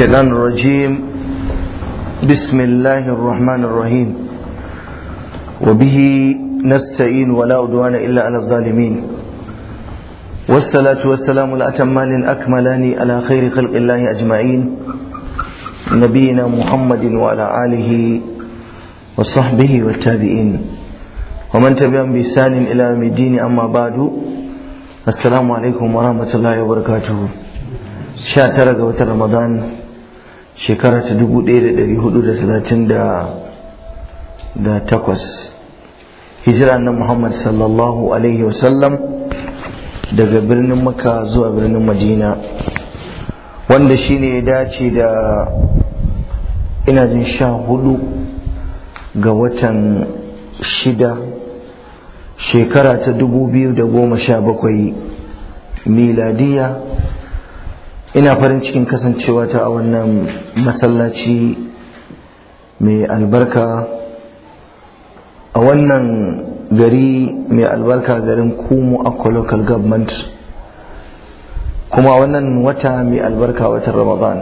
الشيطان الرجيم بسم الله الرحمن الرحيم وبه نستعين ولا عدوان إلا على الظالمين والصلاة والسلام الأتمان الأكملان على خير خلق الله أجمعين نبينا محمد وعلى آله وصحبه والتابعين ومن تبعهم بإحسان إلى يوم الدين أما بعد السلام عليكم ورحمة الله وبركاته 19 ga watan Ramadan shekara ta takwas, hijira na Muhammad sallallahu alaihi wasallam daga birnin maka zuwa birnin Madina wanda shine ya dace da ina jin sha hudu ga watan shida shekara ta dubu biyu da goma sha bakwai miladiya ina farin cikin kasancewa ta a wannan masallaci mai albarka a wannan gari mai albarka garin kumu akwa local government kuma wannan wata mai albarka watan ramadan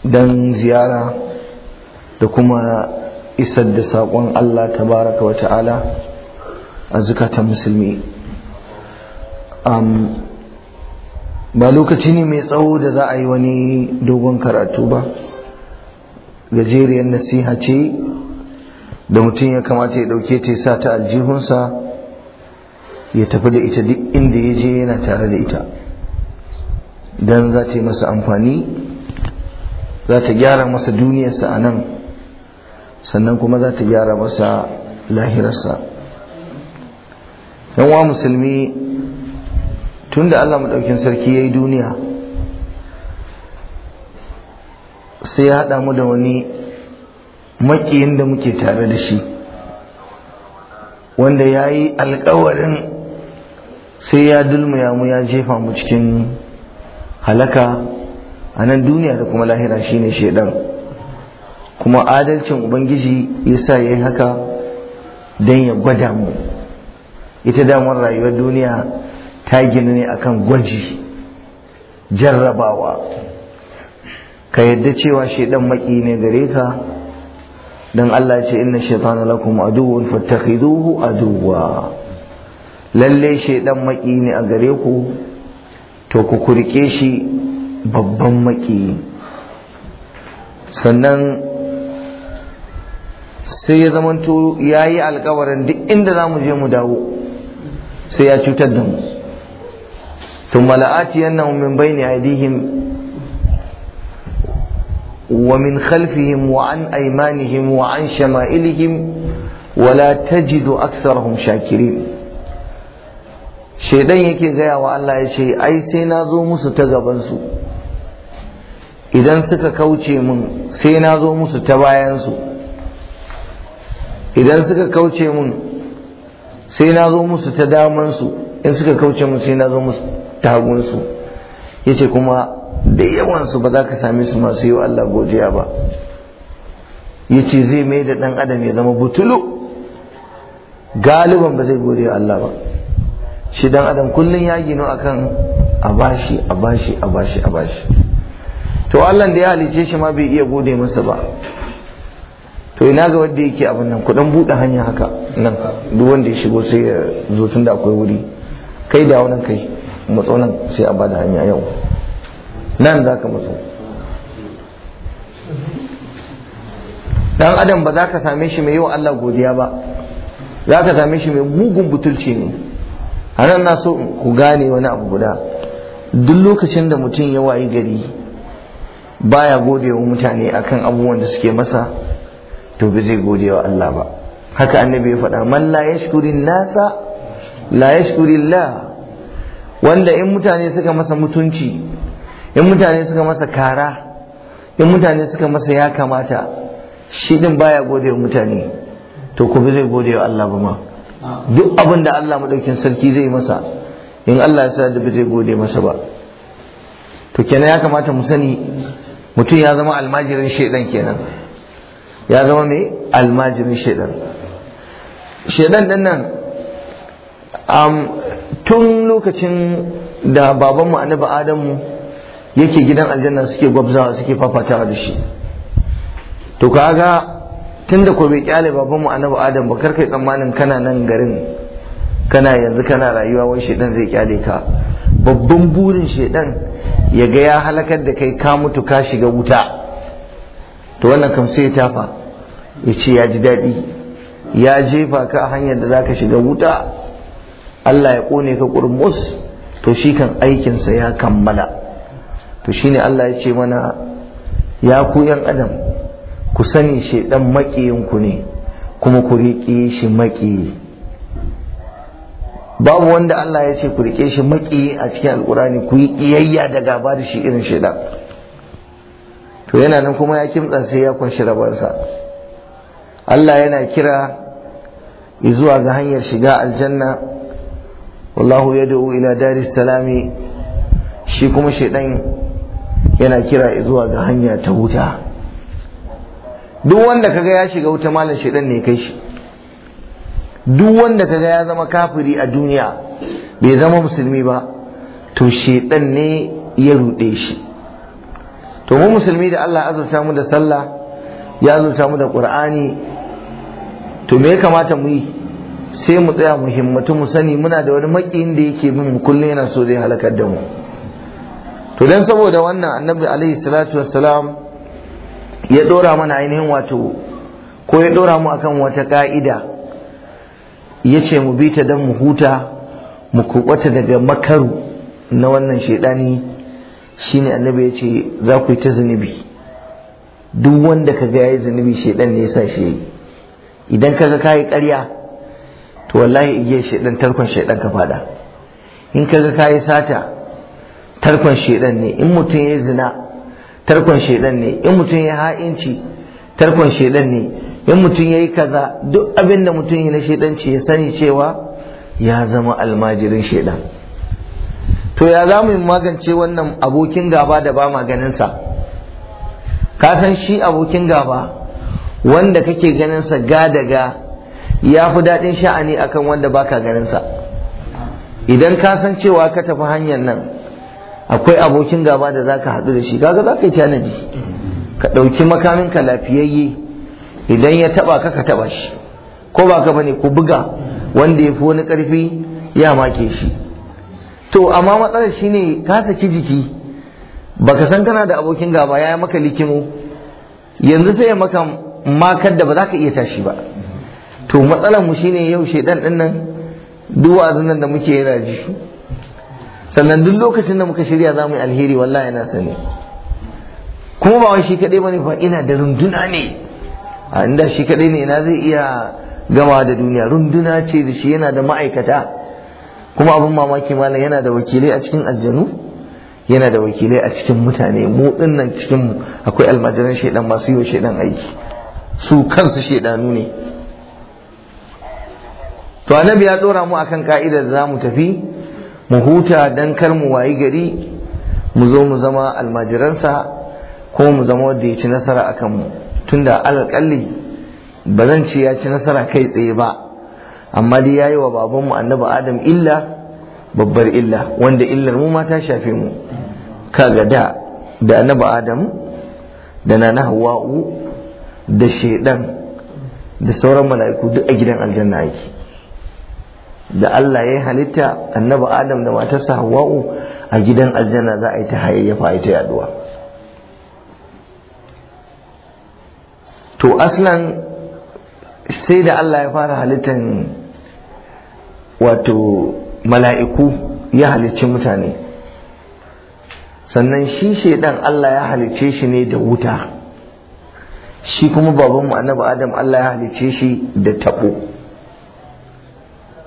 don ziyara da kuma isar da saƙon allah tabaraka wa ta'ala a zukatan musulmi ba lokaci ne mai tsawo da za a yi wani dogon karatu ba gajeriyar nasiha ce da mutum ya kamata ya ɗauke ta sa ta aljihunsa ya tafi da ita duk inda ya je yana tare da ita don za ta yi masa amfani za ta gyara masa duniyarsa a nan sannan kuma za ta gyara masa lahirarsa yan wa musulmi tun da Allah maɗaukin sarki ya yi duniya sai ya haɗa mu da wani maƙiyin da muke tare da shi wanda ya yi alkawarin sai ya dulmaya mu ya jefa mu cikin halaka a nan duniya da kuma lahira shi ne shaidan kuma adalcin ubangiji ya sa ya yi haka don ya gwada mu ita damar rayuwar duniya ta gina ne akan gwaji jarrabawa ka yadda cewa shaidan maki ne gare ka don Allah ce inna shaitana lakum aduwwun fattakhiduhu aduwwa lalle shaidan maki ne a gare ku to ku kurke shi babban maki sannan sai ya zamanto ya yi alkawarin duk inda za je mu dawo sai ya cutar da mu ثم لآتينهم من بين أيديهم ومن خلفهم وعن أيمانهم وعن شمائلهم ولا تجد أكثرهم شاكرين shaidan yake gaya wa Allah ya ce ai sai na zo musu ta gabansu idan suka kauce mun sai na zo musu ta bayansu idan suka kauce mun sai na zo musu ta damansu in suka kauce mun sai na zo musu tagunsu ya ce kuma da yawansu ba za ka sami su masu yi wa Allah godiya ba ya ce zai mai da ɗan adam ya zama butulu galiban ba zai gode wa Allah ba shi ɗan adam kullum ya gino akan a bashi a bashi a bashi to Allah da ya halice shi ma bai iya gode masa ba to ina ga wanda yake abin nan kudan buɗe hanya haka nan duk wanda ya shigo sai ya zo tun da akwai wuri kai da wani kai matsalan sai a bada hanya yau nan za ka maso dan adam ba za ka same shi mai yiwa Allah godiya ba za ka same shi mai mugun butulci ne a nan na so ku gane wani abu guda duk lokacin da mutum ya wayi gari baya gode mutane akan abubuwan da suke masa to ba zai gode Allah ba haka annabi ya faɗa man la yashkurin nasa la yashkurillah wanda in mutane suka masa mutunci in mutane suka masa kara in mutane suka masa ya kamata shi din baya gode wa mutane to ku zai gode wa Allah ba ma duk abin da Allah madaukin sarki zai masa in Allah ya sa da zai gode masa ba to kenan ya kamata mu sani mutum ya zama almajirin shaidan kenan ya zama mai almajirin shaidan shaidan din tun lokacin da babanmu annabi adamu yake gidan aljanna suke gwabzawa suke fafatawa da shi to kaga tun da bai kyale babanmu annabi Adamu ba karkai tsammanin kana nan garin kana yanzu kana rayuwa wai shedan zai kyale ka babban burin shedan ya ga ya halakar da kai ka mutu ka shiga wuta to wannan kam sai ya tafa ya ce ya ji daɗi ya jefa ka hanyar da zaka shiga wuta Allah ya kone ka kurmus to shi kan aikinsa ya kammala to shine Allah ya ce mana ya ku yan adam ku sani shaidan maƙiyinku ne kuma ku riƙe shi maƙiyi babu wanda Allah ya ce ku riƙe shi maƙiyi a cikin alƙurani ku yi ƙiyayya da gaba da shi irin shaidan to yana nan kuma ya kimtsa sai ya kunshi rabonsa. Allah yana kira zuwa ga hanyar shiga aljanna wallahu yad'u ila دار السلام shi kuma yana kira zuwa ga hanya ta wuta duk wanda kaga ya shiga wuta malam shaidan ne kai shi duk wanda kaga ya zama kafiri a duniya bai zama musulmi ba to shaidan ne ya ruɗe shi to mu musulmi da Allah azurta mu da sallah ya azurta mu da qur'ani to me ya kamata mu yi sai mu tsaya mu himmatu mu sani muna da wani makiyin da yake bin mu kullum yana so zai halakar da mu to dan saboda wannan annabi alaihi salatu wassalam ya dora mana ainihin wato ko ya dora mu akan wata ka'ida ya ce mu bi ta dan mu huta mu kubata daga makaru na wannan shaidani shine annabi ya ce za ku yi ta zunubi duk wanda ka ga yayi zunubi shaidan ne ya sa shi idan ka ga kayi ƙarya to wallahi igiyar shaidan tarkon shaidan ka fada in ka ga kayi sata tarkon shaidan ne in mutum ya zina tarkon shaidan ne in mutum ya ha'inci tarkon shaidan ne in mutum ya yi kaza duk abin da mutum ya na shaidanci ya sani cewa ya zama almajirin shaidan to ya za mu magance wannan abokin gaba da ba maganinsa ka san shi abokin gaba wanda kake sa ga daga ya fi daɗin sha'ani a kan wanda baka sa. idan ka san cewa ka tafi hanyar nan akwai abokin gaba da zaka haɗu da shi kaga za ka yi tanaji ka ɗauki makamin ka lafiyayye idan ya taɓa ka ka taɓa shi ko ba ka bane ku buga wanda ya fi wani ƙarfi ya make shi to amma matsalar shine ka saki jiki baka san kana da abokin gaba ya yi maka likimo yanzu sai ya maka makar da ba za ka iya tashi ba to matsalar mu shine yau shedan din nan duk wa'azin nan da muke yana ji sannan duk lokacin da muka shirya za mu yi alheri wallahi yana sani kuma ba wai shi kadai bane fa ina da runduna ne a inda shi kadai ne ina zai iya gama da duniya runduna ce da shi yana da ma'aikata kuma abin mamaki malam yana da wakilai a cikin aljanu yana da wakilai a cikin mutane mu nan cikin akwai almajiran shedan masu yi wa aiki su kansu shedanu ne to annabi ya dora mu akan ka'idar da mu tafi mu huta dan kar mu wayi gari mu zo mu zama almajiransa ko mu zama wanda ya ci nasara akan mu tunda alƙalli ba zan ce ya ci nasara kai tsaye ba amma dai yayi wa baban mu annabi adam illa babbar illa wanda illar mu ma ta shafe mu kaga da da annabi adam da nana hawa'u da shaidan da sauran mala'iku duk a gidan aljanna yake da Allah ya halitta annabi Adam da matarsa Hawwa'u a gidan aljanna za a yi ta hayayya a ta yaduwa to aslan sai da Allah ya fara halittan wato mala'iku ya halicci mutane sannan shi shaidan Allah ya halicce shi ne da wuta shi kuma babanmu annabi Adam Allah ya halicce shi da taɓo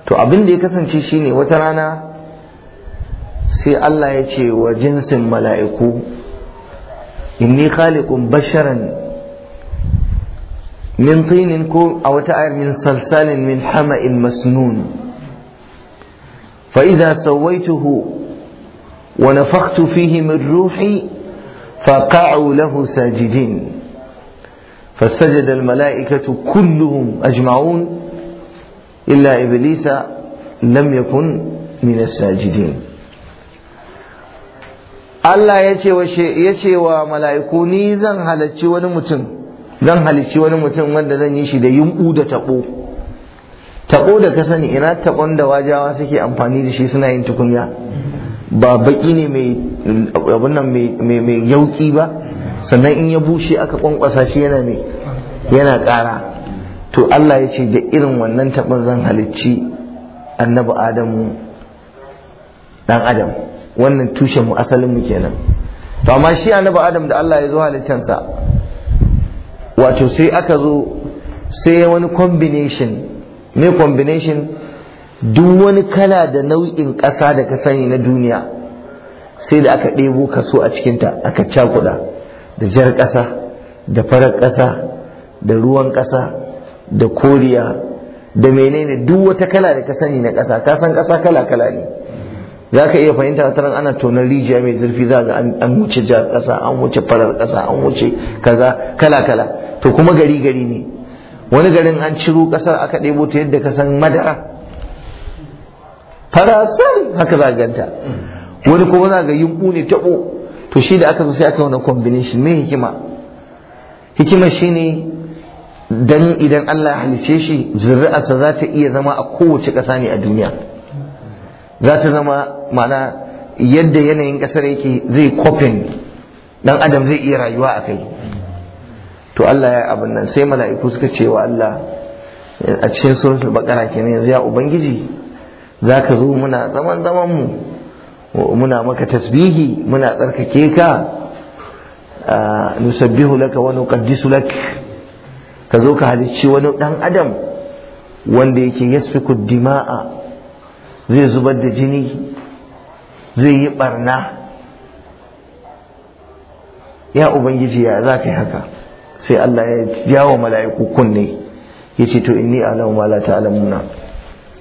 to abin da ya kasance shine wata rana sai Allah ya ce wa jinsin mala'iku inni khaliqun basharan min tinin ko a wata ayar min salsalin min hama'in masnun fa idza sawaituhu wa nafakhtu fihi min ruhi faqa'u lahu sajidin فسجد الملائكة كلهم أجمعون illa iblisa لم يكن من الساجدين Allah ya ce wa ya ce wa mala'iku ni zan halarci wani mutum zan halicci wani mutum wanda zan yi shi da yunku da tabo tabo da ka sani ina tabon da wajawa suke amfani da shi suna yin tukunya ba baki ne mai abun nan mai yauki ba sannan in ya bushe aka kwankwasa shi yana mai yana ƙara to Allah ya ce da irin wannan taɓin zan halicci annabi adamu ɗan adam wannan tushen mu asalin mu kenan to amma shi annabi adam da Allah ya zo halittansa wato sai aka zo sai wani combination me combination duk wani kala da nau'in ƙasa da ka sani na duniya sai da aka ɗebo kaso a cikinta aka cakuɗa da jar ƙasa da farar ƙasa da ruwan ƙasa da koriya da menene duk wata kala da ka sani na ƙasa ka san ƙasa kala kala ne za ka iya fahimta wata ana tonar rijiya mai zurfi za ga an wuce jar ƙasa an wuce farar ƙasa an wuce kaza kala kala to kuma gari gari ne wani garin an ciro ƙasar aka ɗebo ta yadda ka san madara Fara farasai haka za ganta wani kuma za ga yumɓu ne taɓo to shi da aka zo sai aka wani combination me hikima hikima shine dan idan Allah ya halice shi zuri'arsa za ta iya zama a kowace ƙasa ne a duniya za ta zama mana yadda yanayin ƙasar yake zai kofin ɗan adam zai iya rayuwa a kai to Allah ya abin nan sai mala'iku suka ce wa Allah a cikin suratul bakara kenan yanzu ya ubangiji Za ka zo muna zaman zaman mu muna maka tasbihi muna tsarkake ka nusabbihu laka wa nuqaddisu laka ka zo ka halicci wani ɗan adam wanda yake yasfiku dima'a zai zubar da jini zai yi barna ya ubangiji ya za ka yi haka sai Allah ya jawo mala'iku kunne ya ce to inni alamu ma la ta'lamuna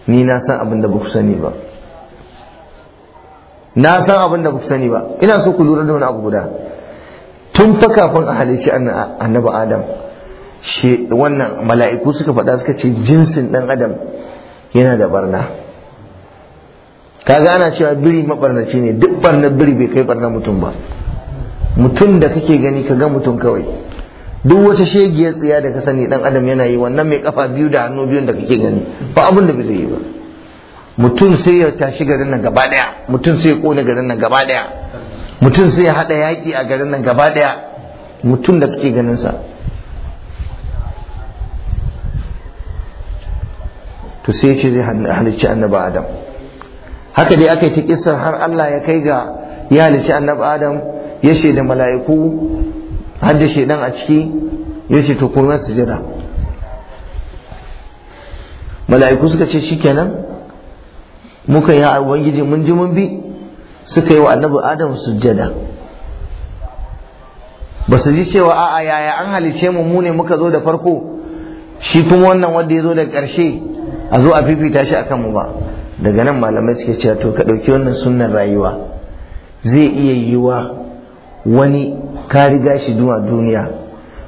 ni na san abin da baku sani ba na san abin da sani ba ina so ku lura da wani abu guda tun fa kafin a halicci annabi Adam wannan mala'iku suka faɗa suka ce jinsin ɗan adam yana da barna kaga ana cewa biri mabarnaci ne duk barnar biri bai kai barnar mutum ba mutum da kake gani ka ga mutum kawai duk wata shegiyar tsiya da ka sani dan adam yana yi wannan mai kafa biyu da hannu biyun da kake gani ba abin da bai zai yi ba mutum sai ya tashi garin nan gaba daya mutum sai ya kone garin nan gaba daya mutum sai ya hada yaki a garin nan gaba daya mutum da kake ganin sa to sai ce zai halicci annabi adam haka dai aka yi ta kisar har Allah ya kai ga ya halicci annabi adam ya da mala'iku har da shaidan a ciki ya ce to kuma sujada mala'iku suka ce shikenan muka yi a ubangiji mun ji mun bi suka yi wa annabi adam sujada ba su ji cewa a'a yaya an halice mu mu ne muka zo da farko shi kuma wannan wanda ya zo da ƙarshe a zo a fifita shi akan mu ba daga nan malamai suke cewa to ka ɗauki wannan sunnan rayuwa zai iya yiwa wani ka riga shi duniya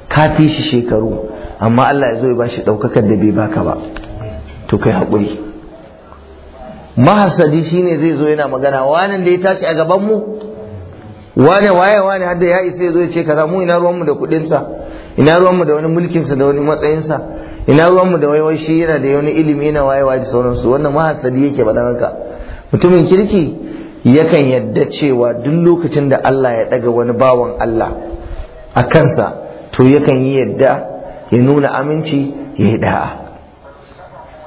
ka fi shi shekaru amma Allah ya zo ya bashi ɗaukakar da bai baka ba to kai haƙuri mahasadi shine zai zo yana magana wanan da ya tashi a gaban mu wane waye wane hadda ya isa ya zo ya ce kaza mu ina ruwanmu da kuɗinsa ina ruwanmu da wani mulkinsa da wani matsayinsa ina ruwanmu da waiwai shi yana da wani ilimi yana wayewa da sauransu wannan mahasali yake faɗa haka mutumin kirki yakan yadda cewa duk lokacin da Allah ya ɗaga wani bawan Allah a kansa to yakan yi yadda ya nuna aminci ya yi da'a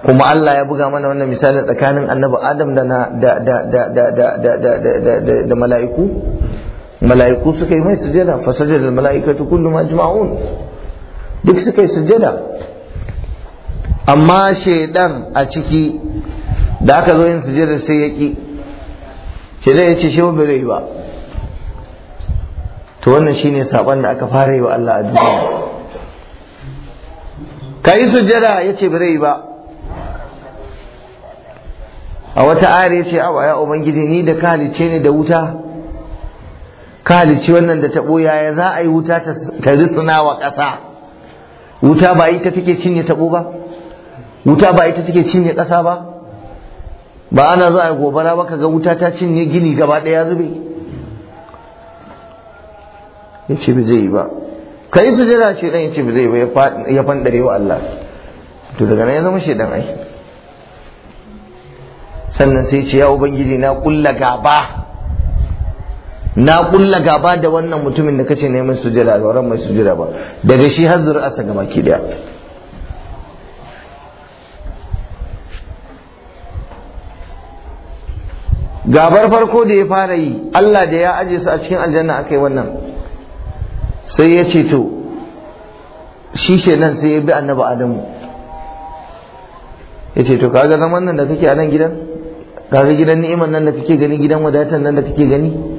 kuma Allah ya buga mana wannan misali tsakanin annabi Adam da da da da da da da mala'iku mala'iku suka yi mai sujada fa al mala'ikatu kullu majma'un duk suka yi sujada amma shaidan a ciki da aka zo yin sujada sai yaki ki shaidan ya ce shi ba ba to wannan shine saban da aka fara yi wa Allah a duniya kai sujada yace bai ba a wata ayar yace awa ya ubangiji ni da kalice ne da wuta ka halicci wannan da taɓo ya za a yi wuta ta ritsina wa ƙasa wuta ba ita take cinye taɓo ba wuta ba ita take cinye ƙasa ba ba ana za a gobara ba kaga wuta ta cinye gini gaba ɗaya zube ya ce ba zai yi ba ka yi sujada ce ɗan ya ce ba zai yi ba ya fanɗare wa Allah to daga nan ya zama shaidan aiki? sannan sai ce ya ubangiji na kulla gaba na kulla gaba da wannan mutumin da kace neman sujada ba ran mai sujada ba daga shi har zuri'arsa ga baki daya gabar farko da ya fara yi Allah da ya aje su a cikin aljanna akai wannan sai ya ce to shi nan sai ya bi annabi adamu ya ce to kaga zaman nan da kake a nan gidan kaga gidan ni'imar nan da kake gani gidan wadatar nan da kake gani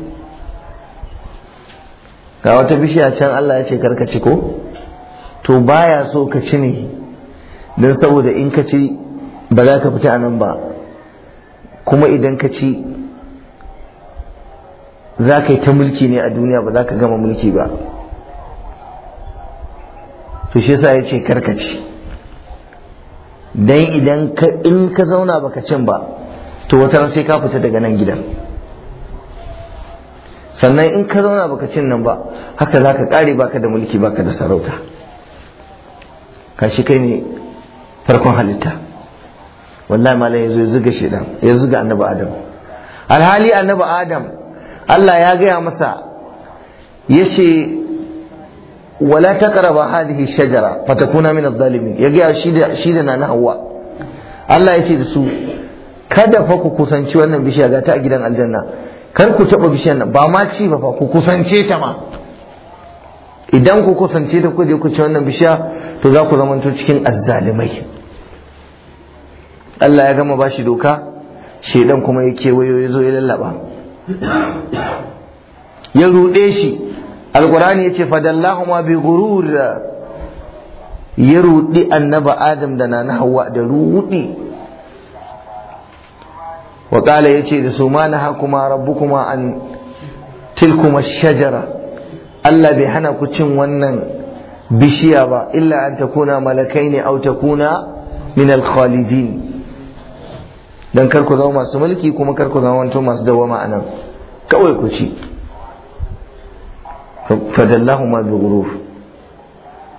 ga wata bishiya can Allah ya ce karka ci ko to baya so ka ci ne don saboda in ka ci ba za ka fita a nan ba kuma idan ka ci za ka yi ta mulki ne a duniya ba za ka gama mulki ba to shi yasa ya ce ci, don idan in ka zauna baka cin ba to wata sai ka fita daga nan gidan sannan in ka zauna baka cin nan ba haka za ka kare baka da mulki baka da sarauta kashi kai ne farkon halitta wallahi malam ya zuga dan ya zuga annabi adam alhali annabi adam Allah ya gaya masa ya ce wala taqraba hadhihi shajara fatakuna min adh-dhalimin ya gaya shi da shi da nana hawa Allah yace da su kada fa ku kusanci wannan bishiya ga ta a gidan aljanna kar ku taɓa bishiyar nan ba ma ci ba fa ku kusance ta ma idan ku kusance ta ku je ku ci wannan bishiya to za ku zamanto cikin azzalimai Allah ya gama bashi doka shedan kuma ya kewayo ya zo ya lallaba ya ruɗe shi alkurani ya ce ma bi ghurur ya ruɗi annaba adam da nana hawa da ruɗe Waƙala qala yace da su ma nahakuma rabbukuma an tilkuma shajara Allah bai hana ku cin wannan bishiya ba illa an takuna ne au takuna min al-khalidin dan kar ku zama masu mulki kuma kar ku zama wanto masu dawama anan kawai ku ci fadallahuma bi ghurur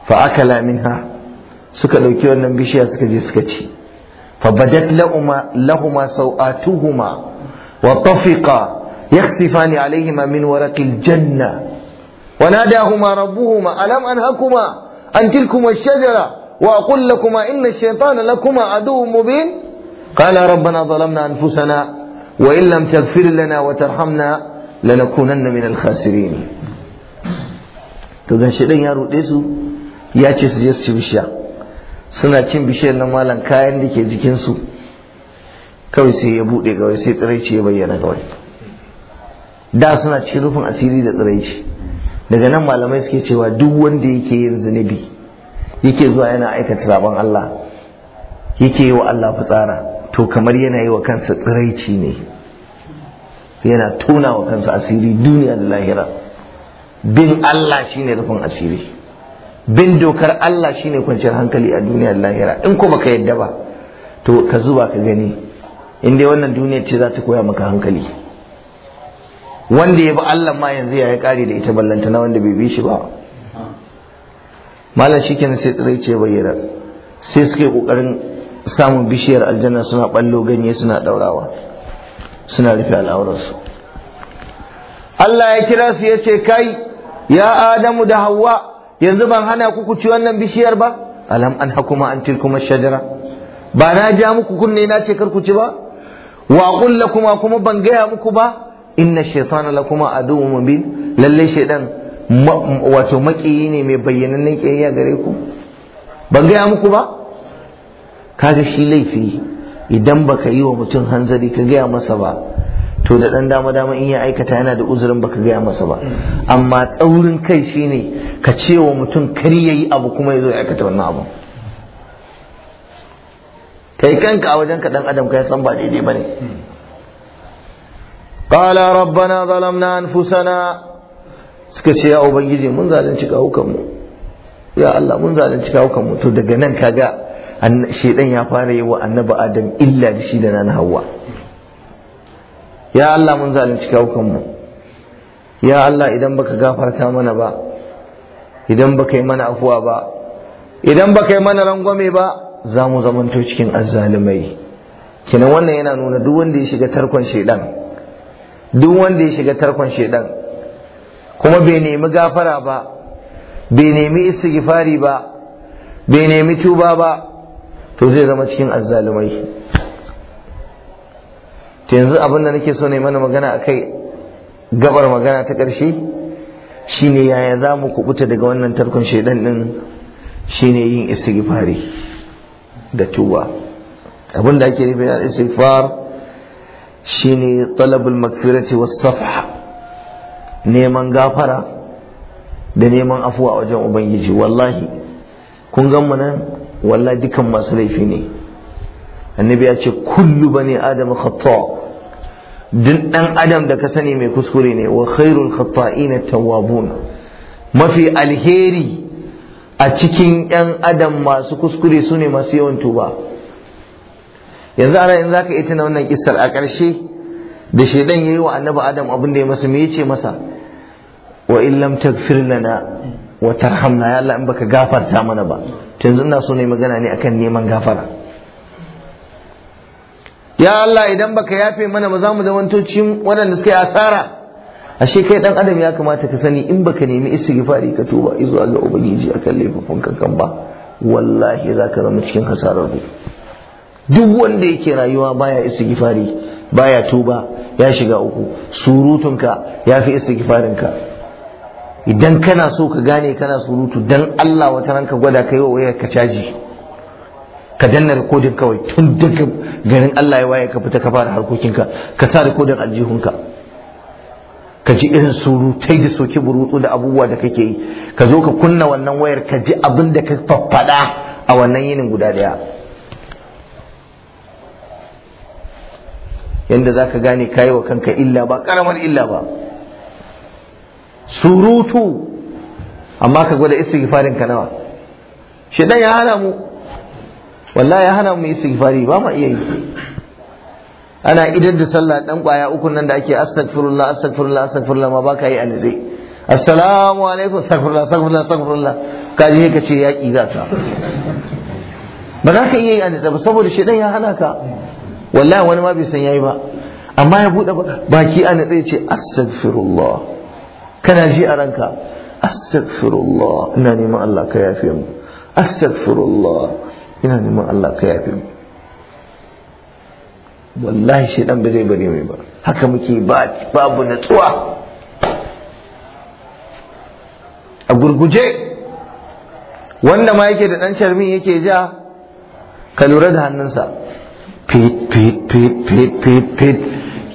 fa akala minha suka ɗauki wannan bishiya suka je suka ci فبدت لهما, لهما سوآتهما وطفقا يخسفان عليهما من ورق الجنة وناداهما ربهما ألم أنهكما عن تلكما الشجرة وأقول لكما إن الشيطان لكما عدو مبين قال ربنا ظلمنا أنفسنا وإن لم تغفر لنا وترحمنا لنكونن من الخاسرين to gashi يا ya يا su ya suna cin bishiyar nan malam kayan da ke jikinsu kawai sai ya buɗe kawai sai tsiraici ya bayyana kawai da suna cikin rufin asiri da tsiraici daga nan malamai suke cewa duk wanda yake yin zunubi yake zuwa yana aikata sabon Allah yake yi wa Allah fitsara to kamar yana yi wa kansa tsiraici ne yana tona wa kansa asiri duniya da lahira bin Allah shine rufin asiri bin dokar Allah shine kwanciyar hankali a duniyar lahira in ko baka yadda ba to ka zuba ka gani in dai wannan duniyar ce za ta koya maka hankali wanda ya bi Allah ma yanzu ya yi kare da ita ballanta na wanda bai bi shi ba malam shi kenan sai tsirai ce bayyana sai suke ƙoƙarin samun bishiyar aljanna suna ɓallo ganye suna ɗaurawa, suna rufe al'aurarsu Allah ya kira su ya ce kai ya Adamu da Hawwa yanzu ban hana ku ku ci wannan bishiyar ba alam an hakuma an tilkuma shajara ba na ja muku kunne na ce kar ku ci ba wa qul lakuma kuma ban gaya muku ba inna shaytana lakuma aduwwun mubin lalle shaydan wato makiyi ne mai bayyanannen kiyayya gare ku ban gaya muku ba kaga shi laifi idan baka yi wa mutum hanzari ka gaya masa ba to da dan dama dama in ya aikata yana da uzurin baka gaya masa ba amma tsaurin kai shine ka ce wa mutum kar yayi abu kuma ya zo ya aikata wannan abu kai kanka a wajen ka dan adam kai san ba daidai bane qala rabbana zalamna anfusana suka ce ya ubangiji mun zalunci kawukan mu ya Allah mun zalunci kawukan mu to daga nan kaga shedan ya fara yi wa annabi adam illa da shi da nan hawa ya Allah mun zalunci mu ya Allah idan baka gafarta mana ba idan baka yi mana afuwa ba idan baka yi mana rangwame ba za mu zamanto cikin azzalumai kina wannan yana nuna duk wanda ya shiga tarkon shaidan duk wanda ya shiga tarkon shaidan kuma bai nemi gafara ba bai nemi istighfari ba bai nemi tuba ba to zai zama cikin azzalumai yanzu abin da nake so ne mana magana a kai gabar magana ta ƙarshe shine yaya za mu kubuta daga wannan tarkon shaidan din shine yin istighfari da tuba abin ake nufi na istighfar shine talabul magfirati was safha neman gafara da neman afuwa a wajen ubangiji wallahi kun gan mu nan wallahi dukan masu laifi ne annabi ya ce kullu bani adam khata duk ɗan adam da ka sani mai kuskure ne wa khairul khata'ina tawwabun mafi alheri a cikin 'yan adam masu kuskure su ne masu yawan tuba yanzu ana in zaka yi tana wannan kissar a ƙarshe da shaidan yayi wa annabi adam abin da ya masa me yace masa wa in lam tagfir lana wa tarhamna ya Allah in baka gafarta mana ba yanzu ina so ne magana ne akan neman gafara ya Allah idan baka yafe mana ba za mu zamanto cikin waɗanda suka yi asara ashe kai dan adam ya kamata ka sani in baka nemi istighfari ka tuba zuwa ga ubangiji akan laifofin kan ba wallahi za ka zama cikin hasarar ku. duk wanda yake rayuwa baya istighfari baya tuba ya shiga uku surutunka ya fi ka idan kana so ka gane kana surutu dan Allah wata ranka gwada kai wa wayar ka caji ka danna rikodin kawai tun daga garin Allah ya waye ka fita ka fara harkokinka ka sa rikodin aljihunka ka ji irin surutai da soke burutsu da abubuwa da kake yi ka zo ka kunna wannan wayar ka ji abin da ka faffada a wannan yinin guda daya Yadda za ka gane kayi wa kanka illa ba karamar illa ba surutu amma ka gwada istighfarin ka nawa shedan ya hana wallahi ya hana mu istighfari ba ma iya yi ana idan da sallah dan kwaya uku nan da ake astaghfirullah astaghfirullah astaghfirullah ma ka yi alizai assalamu alaikum astaghfirullah astaghfirullah astaghfirullah ka je ka ce yaki za ka ba za ka iya yi alizai ba saboda shedan ya hana ka wallahi wani ma bai san yayi ba amma ya bude baki a natsaye ce astaghfirullah kana ji a ranka astaghfirullah ina neman Allah ka yafe mu astaghfirullah ina neman Allah ka yafe mu wallahi shi dan ba zai bari mai ba haka muke ba babu natsuwa a gurguje wanda ma yake da dan sharmi yake ja ka lura da hannunsa fit fit fit fit fit fit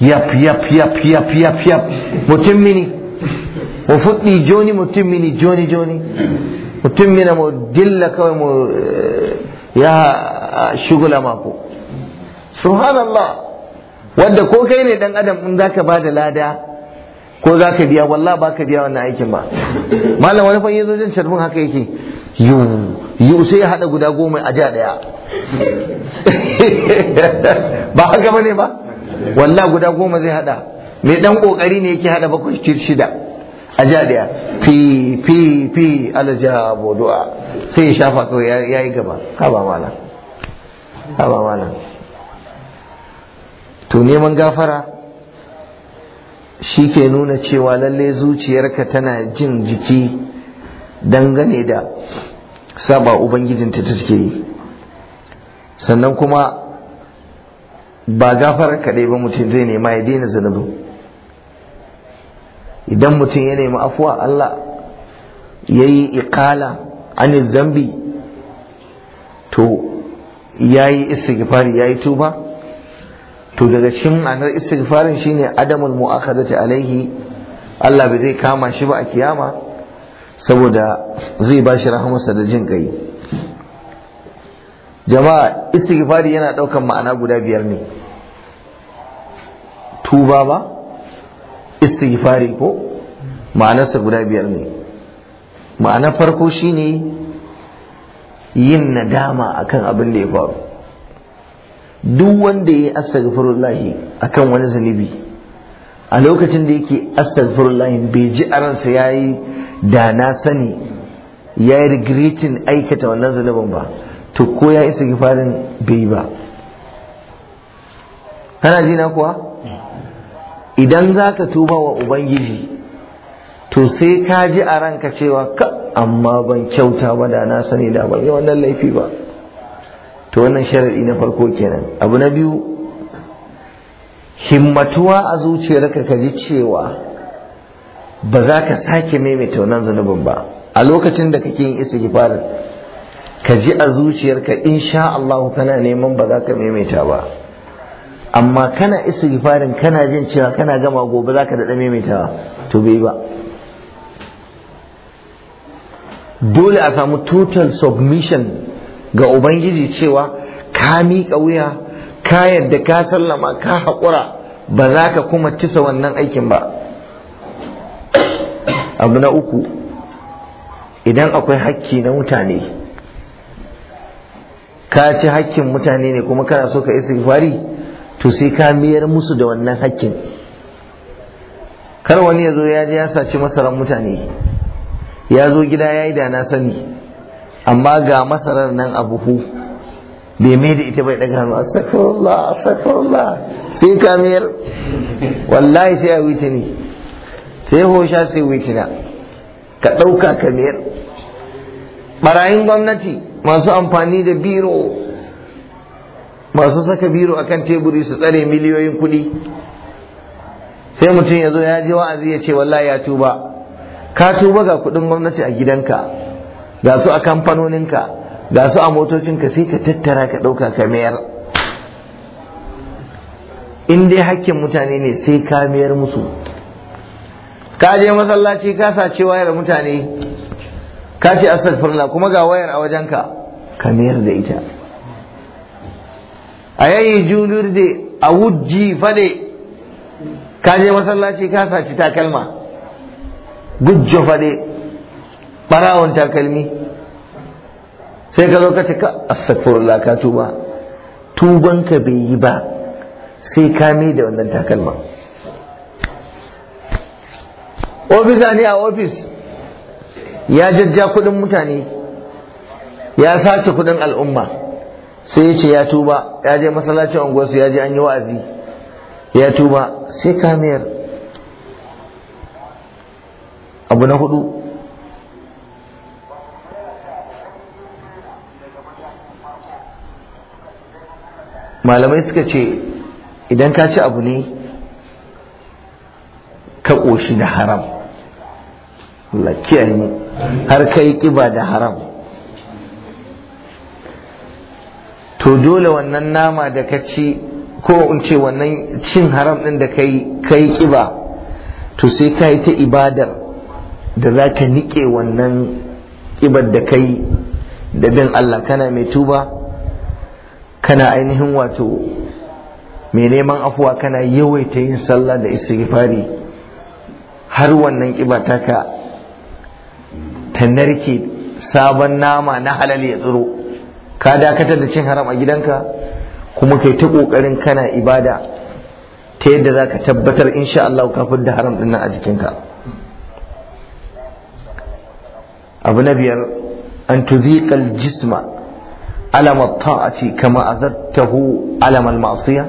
yap yap yap yap yap yap mutum mini mu fuɗi joni mutum mini joni joni mutum mini mu dilla kawai mu eh, ya shugula mako subhanallah wanda ko kai ne dan adam in zaka ba da lada ko zaka biya wallahi baka biya wannan aikin ba malam wani fa yazo jin charbin haka yake yu yu sai ya hada guda goma a ja daya ba haka bane ba wallahi guda goma zai hada mai dan kokari ne yake hada bakwai shida a ja daya fi fi fi alaja bodu'a sai ya shafa kawai ya yi gaba haba mana ba mana to neman gafara shi ke nuna cewa lalle zuciyarka tana jin jiki dangane da saba ubangijinta ta take yi sannan kuma ba gafarar kaɗai ba mutum zai nema ya daina zunubin idan mutum ya nemi afuwa Allah ya yi ikala ani zambi to ya yi istighfari ya yi tuba to daga cikin ma'anar istighfarin shine adamul mu'akhadati alaihi Allah bai zai kama shi ba a kiyama saboda zai ba shi rahamarsa da jin kai jama'a istighfari yana ɗaukan ma'ana guda biyar ne tuba ba istighfari ko ma'anarsa guda biyar ne ma'ana farko shine yin nadama akan abin da ya faru duk wanda ya yi akan wani zunubi a lokacin da yake astaghfirullah bai ji a ransa ya da na sani ya yi regretin aikata wannan zunubin ba to ko ya yi istighfarin bai ba kana ji na kuwa idan za ka tuba wa ubangiji to sai ka ji a ranka cewa ka amma ban kyauta ba da na sani da ban yi wannan laifi ba to wannan sharaɗi na farko kenan abu na biyu himmatuwa a zuciyarka ka ji cewa ba za ka sake maimaita wannan zunubin ba a lokacin da kake yin istighfarin ka ji a zuciyarka insha Allah kana neman ba za ka maimaita ba amma kana istighfarin kana jin cewa kana gama gobe zaka maimaita maimaitawa to bai ba dole a samu total submission ga ubangiji cewa ka miƙa wuya ka yadda ka sallama ka haƙura ba za ka kuma tisa wannan aikin ba abu na uku idan akwai hakki na mutane ka ci hakkin mutane ne kuma kana so ka istighfari to sai ka miyar musu da wannan hakkin kar wani ya zo ya ji ya saci masaran mutane ya zo gida ya yi da na sani amma ga masarar nan a buhu bai mai da ita bai daga hannu astagfirullah astagfirullah sai ka miyar wallahi sai a wuce ne sai hosha sai wuce na ka ɗauka ka miyar barayin gwamnati masu amfani da biro masu saka biro a kan teburi su tsare miliyoyin kuɗi sai mutum ya zo ya ji wa'azi ya ce wallahi ya tuba ka tuba ga kuɗin gwamnati a gidanka ga su a kamfanoninka ga su a motocinka sai ka tattara ka ɗauka ka mayar in dai hakkin mutane ne sai ka mayar musu ka je masallaci ka sace wayar mutane ka ce astagfirullah kuma ga wayar a wajenka ka mayar da ita A junior julurde a wujji fale ka je masallaci ka saci takalma gujjo fale barawon takalmi sai ka zo ka ce ka astagfirullah ka tuba ka bai yi ba sai ka mai da wannan takalma ofisa ne a ofis ya jajja kudin mutane ya sace kudin al'umma sai ya ce ya tuba ya je masallacin unguwarsu ya je an yi wa'azi ya tuba sai kamiyar abu na hudu malamai suka ce idan ka ci abu ne ka ƙoshi da haram kiyaye har kai ƙiba da haram to dole wannan nama da ka ci ko in ce wannan cin haram ɗin da ka yi ƙiba to sai ka yi ta ibadar da za ka niƙe wannan ƙibar da ka yi da bin Allah kana mai tuba kana ainihin wato mai neman afuwa kana yawaita yin sallah da istighfari har wannan ƙiba taka ta narke sabon nama na halal ya tsiro ka dakatar da cin haram a gidanka kuma kai ta kokarin kana ibada ta yadda za ka tabbatar insha Allah ka da haram din nan a jikinka abu na biyar an tuziqal jisma alam taati kama azadtahu alam al ma'siya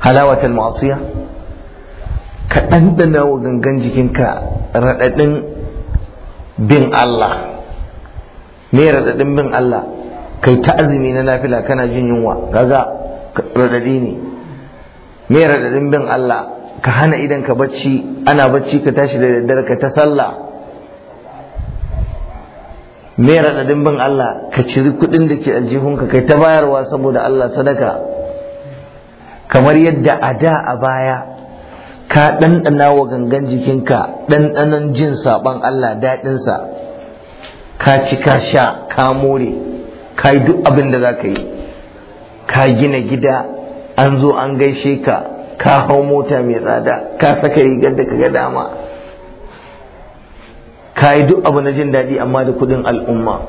halawat al ma'siya ka dandana wa gangan jikinka radadin bin Allah ne radadin bin Allah kai ta azumi na nafila kana jin yunwa kaga radadi ne me radadin bin Allah ka hana idan ka bacci ana bacci ka tashi da daddare ka ta sallah me radadin bin Allah ka ciri kudin da ke aljihunka kai ta bayarwa saboda Allah sadaka kamar yadda a da a baya ka ɗanɗana wa gangan jikinka ɗanɗanon jin saɓon Allah daɗinsa ka ci ka sha ka more ka yi duk abin da za ka yi ka gina gida an zo an gaishe ka ka hau mota mai tsada ka saka rigar da ka ga dama ka yi duk abu na jin daɗi amma da kuɗin al'umma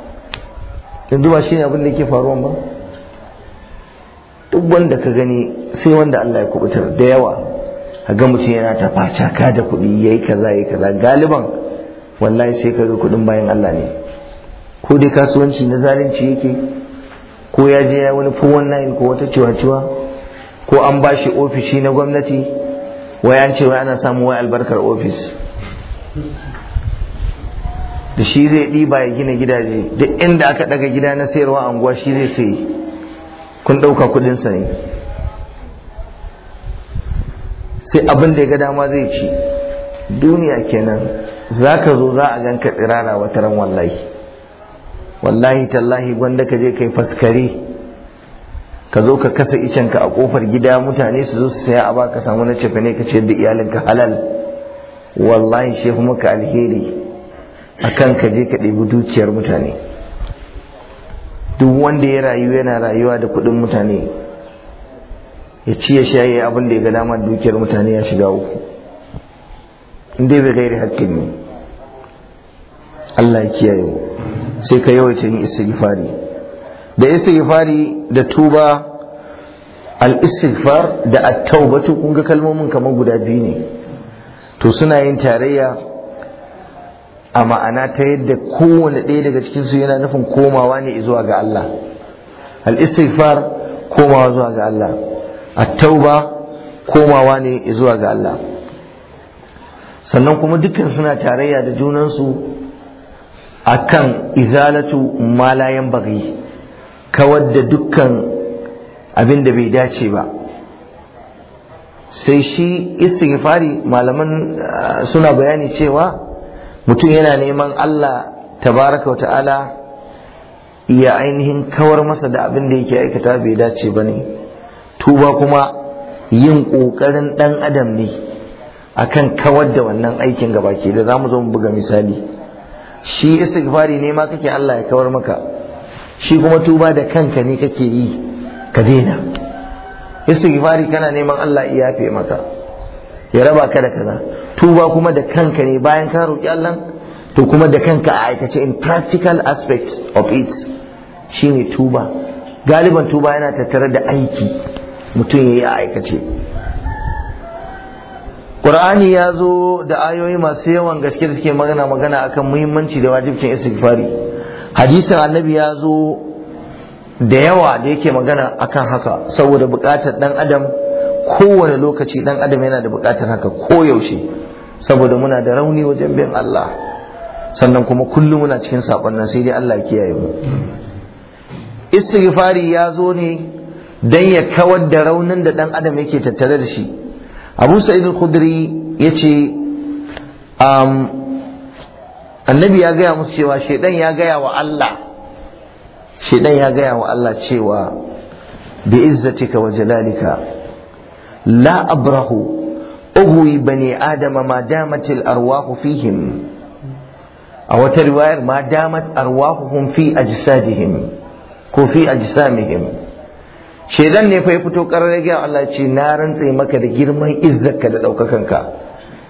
yanzu ba shi ne abin da ke faruwa ba duk wanda ka gani sai wanda Allah ya kubutar da yawa ga mutum yana ta faca ka da kuɗi yayi kaza yayi kaza galiban wallahi sai ka ga kuɗin bayan Allah ne ko dai kasuwanci na zalunci yake ko ya je ya wani fowon nayin ko wata ciwa-ciwa ko an ba shi ofishi na gwamnati wai an ce wai ana samun wai albarkar ofis da shi zai ɗiba ya gina gidaje duk inda aka ɗaga gida na sayarwa anguwa shi zai sayi kun ɗauka kuɗinsa ne sai abin da ya ga dama zai ci duniya kenan za ka zo za a ganka tsirara wata ran wallahi wallahi tallahi gwanda ka je kai faskare ka zo ka kasa icenka a kofar gida mutane su zo su saya a baka samu na cefane ka ce da iyalinka halal wallahi shehu maka alheri a kan ka je ka ɗebi dukiyar mutane duk wanda ya rayu yana rayuwa da kuɗin mutane ya ci ya sha ya abin da ya ga dama dukiyar mutane ya shiga uku in dai bai gairi hakkin ne Allah ya kiyaye mu sai ka yawaita yin istighfari da istighfari da tuba al-istighfar da at-taubatu kun ga kalmomin kamar guda biyu ne to suna yin tarayya a ma'ana ta yadda kowane ɗaya daga cikin su yana nufin komawa ne zuwa ga Allah al-istighfar komawa zuwa ga Allah at-tauba komawa ne zuwa ga Allah sannan kuma dukkan suna tarayya da junansu akan izalatu Malayan la yanbaghi kawar da dukkan abin da bai dace ba sai shi istighfari malaman ah, suna bayani cewa mutum yana neman Allah tabaraka wa ta'ala ya ainihin kawar masa da abin da yake aikata bai dace ba ne tuba kuma yin ƙoƙarin ɗan adam ne akan kawar da wannan aikin gabaki da za mu zo mu buga misali shi istighfari ne ma kake Allah ya kawar maka shi kuma tuba da kanka ne kake yi ka daina istighfari kana neman Allah ya yafe maka ya raba ka da kaza tuba kuma da kanka ne bayan ka roki Allah to kuma da kanka a aikace in practical aspect of it shine tuba galiban tuba yana tattare da aiki mutum ya yi a aikace Qur'ani ya zo da ayoyi masu yawan gaske da suke magana magana akan muhimmanci da wajibcin istighfari hadisin annabi ya zo da yawa da yake magana akan haka saboda buƙatar ɗan adam kowane lokaci ɗan adam yana da buƙatar haka ko yaushe. saboda muna da rauni wajen bin Allah sannan kuma kullum muna cikin saƙon nan sai dai Allah kiyaye mu istighfari ya zo ne dan ya kawar da raunin da ɗan adam yake tattare da shi abu sa'id al-khudri um, annabi ya gaya musu cewa shaidan ya gaya wa Allah shaidan ya gaya wa Allah cewa bi izzatika wa jalalika la abrahu ughwi bani adama ma damatil al fihim a wata riwayar ma damat arwahuhum fi ajsadihim ko fi ajsamihim shedan ne fa ya fito karar ya Allah ce na rantse maka da girman izzarka da ka.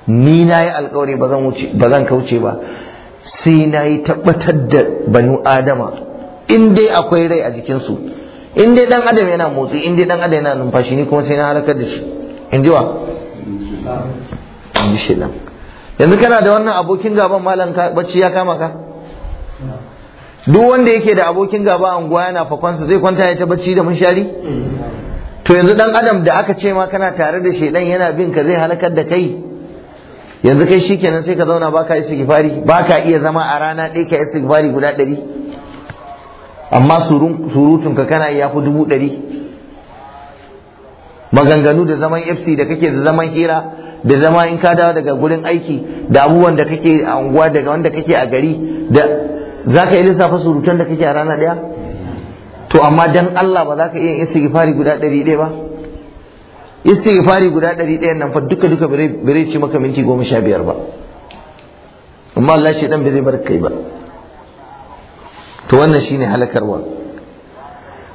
ni na yi alkawari ba zan kauce ba sai na yi tabbatar da banu adama in dai akwai rai a jikinsu in dai dan adam yana motsi in dai dan adam yana numfashi ni kuma sai na halakar da shi in ji wa yanzu kana da wannan abokin gaban malam bacci ya kama ka duk wanda yake da abokin gaba a unguwa yana fakonsa zai kwanta ya ta bacci da munshari to yanzu dan adam da aka ce ma kana tare da shedan yana bin ka zai halakar da kai yanzu kai shikenan sai ka zauna baka istighfari baka iya zama a rana ɗaya ka istighfari guda ɗari amma surutun ka kana iya fi dubu ɗari maganganu da zaman FC da kake da zaman hira da zama in ka dawo daga gurin aiki da abubuwan da kake a unguwa daga wanda kake a gari da za ka yi lissafa surutan da kake a rana ɗaya to amma dan Allah ba za ka iya istighfari guda ɗari ɗaya ba istighfari guda ɗari ɗayan nan fa duka duka bare ci maka minti goma sha biyar ba amma Allah shi dan bai bar kai ba to wannan shine halakarwa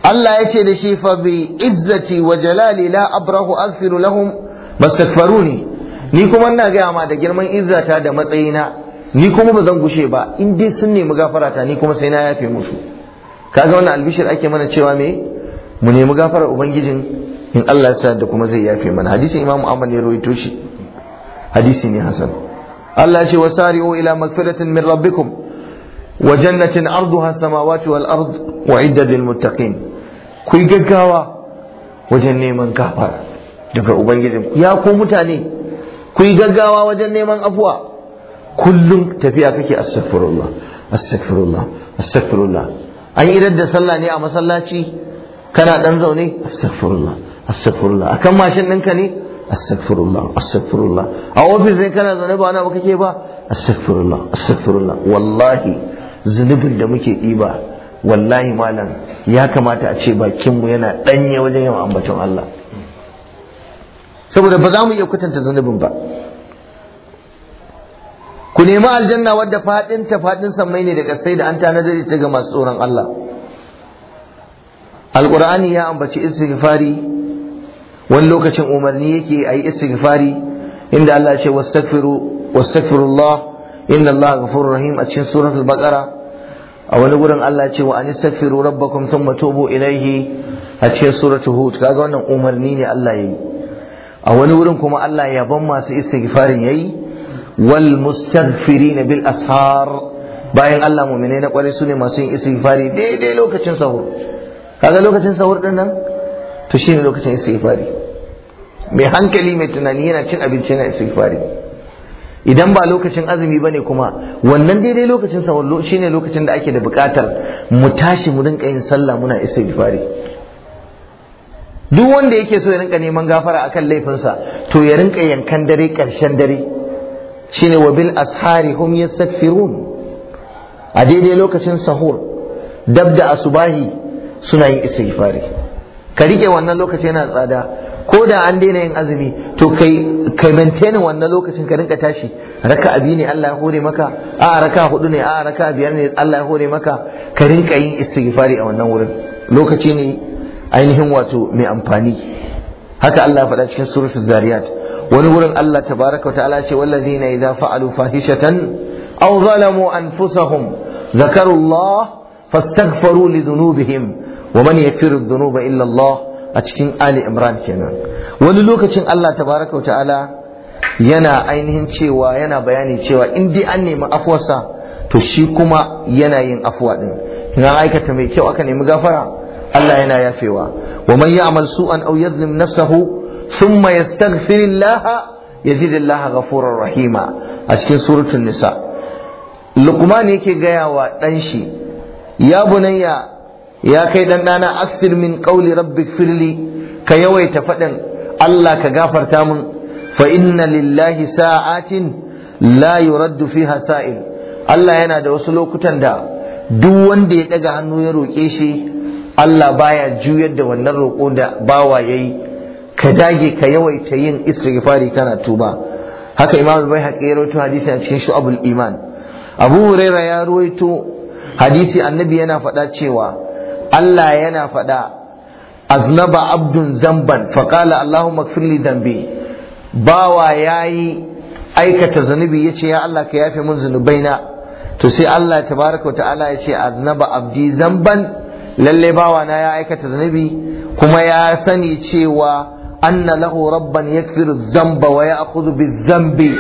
Allah ya ce da shi fa bi izzati wa jalali la abrahu aghfiru lahum bastakfaruni ni kuma ina gaya ma da girman izzata da matsayina ni kuma ba zan gushe ba in dai sun nemi gafara ta ni kuma sai na yafe musu kaga wannan albishir ake mana cewa me mu nemi gafara ubangijin in Allah ya sa da kuma zai yafe mana hadisin imamu Ahmad ne rawaito shi hadisi ne hasan Allah ya ce wasari'u ila magfiratin min rabbikum wa jannatin arduha samawati wal ard wa iddat lil muttaqin ku gaggawa wajen neman gafara daga ubangijin ya ku mutane ku gaggawa wajen neman afuwa kullum tafiya kake astaghfirullah astaghfirullah astaghfirullah an idan da sallah ne a masallaci kana dan zaune astaghfirullah astaghfirullah akan mashin ɗinka ne astaghfirullah astaghfirullah a ofis ne kana zaune ba na ba kake ba astaghfirullah astaghfirullah wallahi zunubin da muke ɗiba wallahi malam ya kamata a ce bakinmu yana danye wajen yawan ambaton Allah saboda ba za mu iya kwatanta zunubin ba ku nemi aljanna wadda fadin ta fadin mai ne daga sai da an tanadar ita ga masu tsoron Allah alqur'ani ya ambaci istighfari wani lokacin umarni yake ayi istighfari inda Allah ya ce wastaghfiru wastaghfirullah inna Allah ghafurur rahim a cikin suratul baqara a wani gurin Allah ya ce wa anistaghfiru rabbakum thumma tubu ilayhi a cikin suratul hud kaga wannan umarni ne Allah yayi a wani wurin kuma Allah ya ban masu istighfarin yayi wal mustaghfirina bil ashar bayan Allah muminai na kwarai sune masu yin istighfari daidai lokacin sahur kaga lokacin sahur din nan to shine lokacin istighfari mai hankali mai tunani yana cin abinci yana istighfari idan ba lokacin azumi bane kuma wannan daidai lokacin sahur shine lokacin da ake da bukatar mu tashi mu rinka yin sallah muna istighfari duk wanda yake so ya rinka neman gafara akan laifinsa to ya rinka yankan dare ƙarshen dare shine wabil bil ashari hum yastaghfirun a daidai lokacin sahur dab da asubahi suna yin istighfari ka rike wannan lokaci yana tsada ko da an daina yin azumi to kai kai maintainin wannan lokacin ka rinka tashi raka abi ne Allah ya hore maka a raka hudu ne a raka biyar ne Allah ya hore maka ka rinka yin istighfari a wannan wurin lokaci ne ainihin wato mai amfani haka Allah ya faɗa cikin suratul zariyat wani wurin Allah tabaraka ta'ala ce wallazina idza fa'alu fahishatan aw zalamu anfusahum zakaru Allah fastaghfaru li dhunubihim wa man yaghfiru dhunuba illa Allah a cikin Ali Imran kenan wani lokacin Allah tabaraka ta'ala yana ainihin cewa yana bayani cewa in dai an nemi afuwarsa to shi kuma yana yin afuwa din na aikata mai kyau aka nemi gafara Allah yana yafewa wa man ya'mal su'an aw yadhlim nafsahu thumma yastaghfirullah yazidullaha ghafurur rahima a cikin suratul nisa luqman yake gaya wa dan shi ya bunayya ya kai dan dana asfir min qawli rabbik firli ka yawaita faɗan. Allah ka gafarta mun Fa'inna lillahi sa'atin la yuraddu fiha Allah yana da wasu lokutan da duk wanda ya ɗaga hannu ya roƙe shi Allah baya juyar da wannan roƙo da bawa yayi ka dage ka yawaita yin istighfari kana tuba haka imam bai haƙe ya rawaito hadisi a cikin shu'abul iman abu huraira ya rawaito hadisi annabi yana faɗa cewa Allah yana faɗa aznaba abdun zamban faƙala Allahumma firli dambe bawa yayi aikata zanubi yace ya Allah ka yafe mun zanubaina to sai Allah tabaraka ta'ala ya ce aznaba abdi zamban lalle bawa na ya aikata zanubi kuma ya sani cewa أن له rabban يكفر dhanba ويأخذ ya'khudhu bizanbi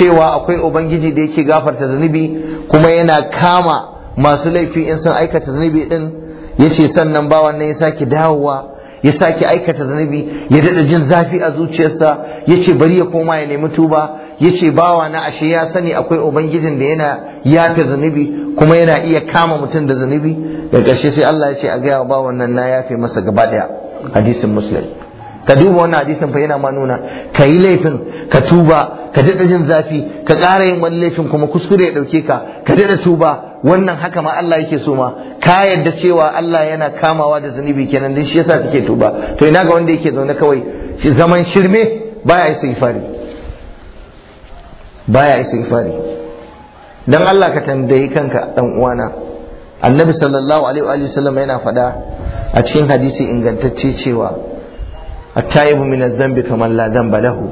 cewa akwai ubangiji da yake gafarta zunubi kuma yana kama masu laifi in san aikata zunubi din yace sannan ba wannan ya sake ya aikata zanubi ya dada jin zafi a zuciyarsa ya ce bari ya koma ya nemi tuba ya ce bawa na ashe ya sani akwai ubangijin da yana yafe zanubi kuma yana iya kama mutum da zanubi da ƙarshe sai Allah ya ce a gaya wa bawan nan na yafe masa gaba ɗaya hadisin muslim ka duba wannan hadisin fa yana ma nuna ka yi laifin ka tuba ka daɗa jin zafi ka ƙara yin wani laifin kuma kuskure ya ɗauke ka ka dada tuba wannan haka ma Allah yake so ma ka yarda cewa Allah yana kamawa da zunubi kenan din shi yasa kake tuba to ina ga wanda yake zaune kawai shi zaman shirme baya istighfari baya istighfari dan Allah ka tambayi kanka dan uwana annabi sallallahu alaihi wa sallam yana faɗa a cikin hadisi ingantacce cewa at-taibu min adh-dhanbi kaman la dhanba lahu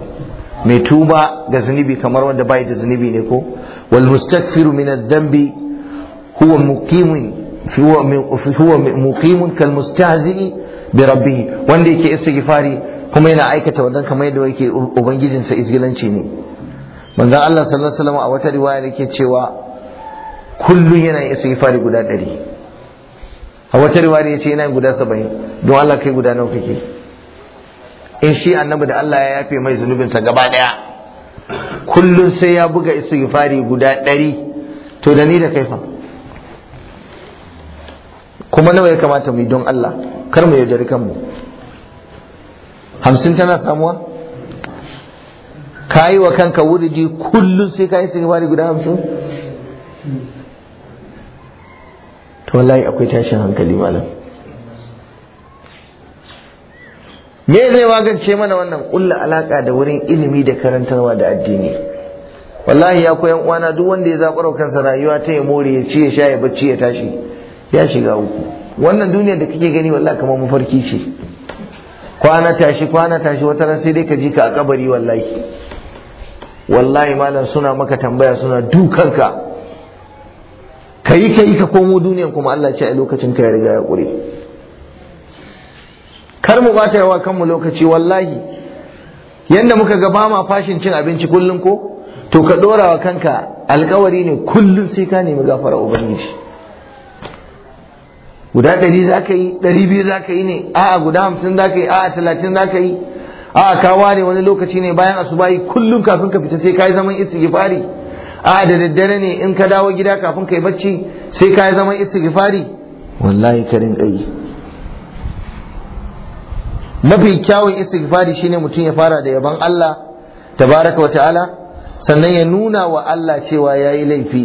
mai tuba ga zunubi kamar wanda bai da zunubi ne ko wal mustaghfiru min adh-dhanbi huwa muqimin huwa muqimun kal bi rabbih wanda yake istighfari kuma yana aikata wannan kamar yadda yake ubangijinsa isgilanci ne manzon Allah sallallahu alaihi wasallam a wata riwaya yake cewa kullum yana istighfari guda 100 a wata riwaya yace yana guda 70 don Allah kai guda nawa kake in shi annabi da Allah ya yafe mai zunubinsa gaba ɗaya, kullun sai ya buga istighfari guda ɗari to da ni da kaifa kuma nawa ya kamata mu yi don Allah kar mu yaudari kanmu hamsin tana samuwa ka yi wa kanka wuridi kullum sai ka yi istighfari guda hamsin to wallahi akwai tashin hankali malam me zai magance mana wannan kulla alaka da wurin ilimi da karantarwa da addini wallahi ya koyan uwana duk wanda ya zaɓar kansa rayuwa ta ya more ya ci ya sha ya bacci ya tashi ya shiga uku wannan duniyar da kake gani wallahi kamar mafarki ce kwana tashi kwana tashi wata ran sai dai ka ji ka a kabari wallahi wallahi malam suna maka tambaya suna dukanka kayi kayi ka komo duniyan kuma Allah ce a lokacin ka ya riga ya kure kar mu bata yawa kanmu lokaci wallahi yanda muka ga ma fashin cin abinci kullum ko to ka dora wa kanka alkawari ne kullum sai ka nemi gafara ubangiji guda ɗari za ka yi ɗari biyu za ka yi ne a'a guda hamsin za ka yi a'a talatin za ka yi a'a ka ware wani lokaci ne bayan asuba yi kullum kafin ka fita sai ka yi zaman istighfari a'a da daddare ne in ka dawo gida kafin ka yi bacci sai ka yi zaman istighfari wallahi karin rinƙa mafi kyawun istighfari shine mutum ya fara da yaban Allah tabaraka wa ta'ala sannan ya nuna wa Allah cewa ya yi laifi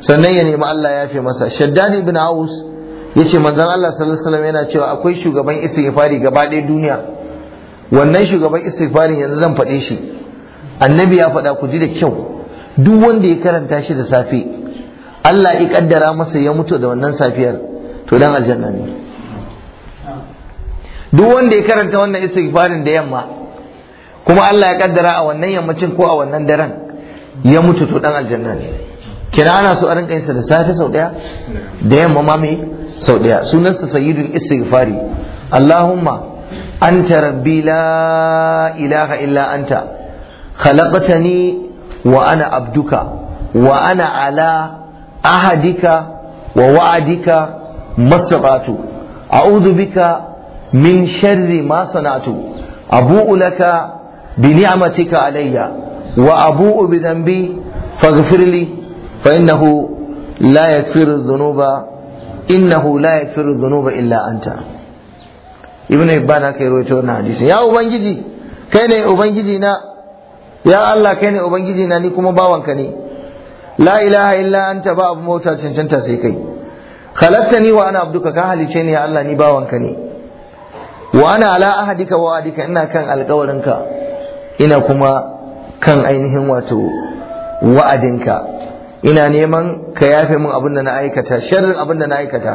sannan ya nemi Allah ya fi masa shaddani ibn aus ya ce manzon Allah sallallahu alaihi yana cewa akwai shugaban istighfari gaba ɗaya duniya wannan shugaban istighfarin yanzu zan faɗe shi annabi ya faɗa ku ji da kyau duk wanda ya karanta shi da safe Allah ya kaddara masa ya mutu da wannan safiyar to dan aljanna ne duk wanda ya karanta wannan istighfarin da yamma kuma Allah ya kaddara a wannan yammacin ko a wannan daren ya mutu to dan aljanna ne kira ana so a rinka yin sa da safe sau daya da yamma ma me sau daya sunan sa sayyidul istighfari Allahumma anta rabbi la ilaha illa anta khalaqtani wa ana abduka wa ana ala ahadika wa wa'adika mastaqatu a'udhu bika min sharri ma sana'tu abu'u laka bi ni'matika alayya wa abu'u bi dhanbi faghfir li fa innahu la yaghfiru dhunuba innahu la yaghfiru dhunuba illa anta ibn ibana kai rawaito wannan hadisi ya ubangiji kai ne ubangiji na ya Allah kai ne ubangiji na ni kuma bawanka ne la ilaha illa anta ba abu mota cancanta sai kai khalaqtani wa ana abduka ka halice ni ya Allah ni bawanka ne wa ana ala ahadika wa adika ina kan alkawarinka ina kuma kan ainihin wato wa'adinka ina neman ka yafe min abin da na aikata sharrin abin da na aikata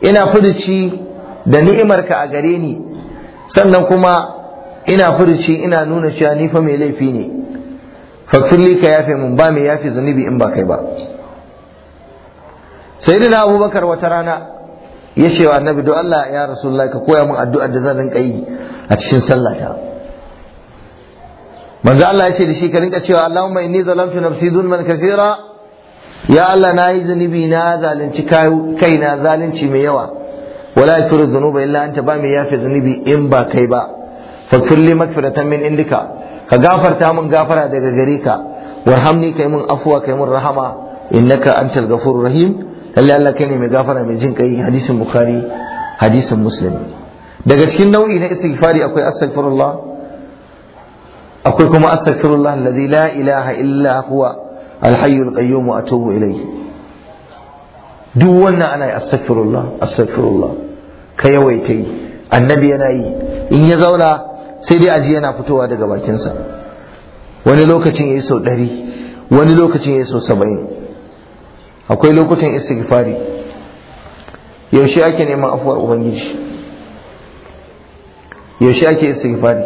ina furuci da ni'imarka a gare ni sannan kuma ina furuci ina nuna cewa ni fa mai laifi ne fakfirli ka yafe min, ba mai yafe zunubi in ba kai ba sayyidina abubakar wata rana ya ce wa annabi don Allah ya rasulullah ka koya min addu'a da zan rinka yi a cikin sallata manzo Allah ya ce da shi ka rinka cewa mai inni zalamtu nafsi zulman kafira. ya Allah na yi zunubi na zalunci kai na zalunci mai yawa wala yakfiru dhunuba illa anta ba mai yafi zunubi in ba kai ba faghfir li maghfiratan min indika ka gafarta mun gafara daga gare ka warhamni kai mun afwa kai mun rahama innaka antal ghafurur rahim lalle Allah kai ne mai gafara mai jin kai hadisin bukhari hadisin muslim daga cikin nau'i na istighfari akwai astaghfirullah akwai kuma astaghfirullah alladhi la ilaha illa huwa alhayyul qayyum wa atubu ilayhi duk wannan ana yi astaghfirullah astaghfirullah ka yawaita yi annabi yana yi in ya zauna sai dai aji yana fitowa daga bakinsa wani lokacin ya yi sau ɗari wani lokacin ya yi sau saba'in akwai lokutan istighfari yaushe ake neman afuwar ubangiji yaushe ake istighfari